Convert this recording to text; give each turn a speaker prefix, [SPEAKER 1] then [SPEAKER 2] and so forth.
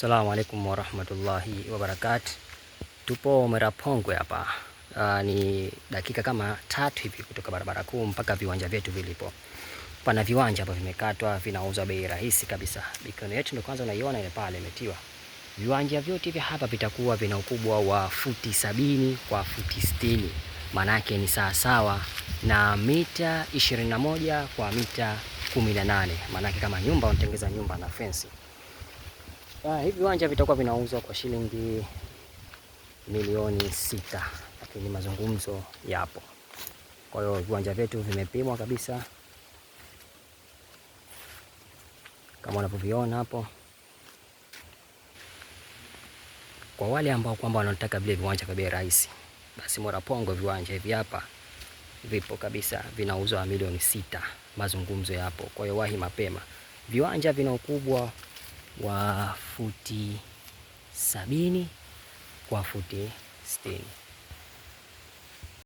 [SPEAKER 1] Assalamu alaikum warahmatullahi wabarakatuh. Tupo Merapongwe hapa. Uh, ni dakika kama tatu hivi kutoka barabara kuu mpaka viwanja vyetu vilipo. Pana viwanja hapa vimekatwa, vinauza bei rahisi kabisa. Bikoni yetu ndio kwanza unaiona ile pale imetiwa. Viwanja vyote hivi hapa vitakuwa vina ukubwa wa futi sabini kwa futi sitini. Maana yake ni sawa na mita 21 kwa mita 18. Maana yake kama nyumba unatengeneza nyumba na fensi. Uh, hivi viwanja vitakuwa vinauzwa kwa shilingi milioni sita, lakini mazungumzo yapo. Kwa hiyo viwanja vyetu vimepimwa kabisa kama unavyoviona hapo. Kwa wale ambao kwamba wanataka vile viwanja kwa bei rahisi, basi Morapongo viwanja hivi hapa vipo kabisa, vinauzwa milioni sita, mazungumzo yapo. Kwa hiyo wahi mapema, viwanja vina ukubwa wa futi sabini kwa futi sitini.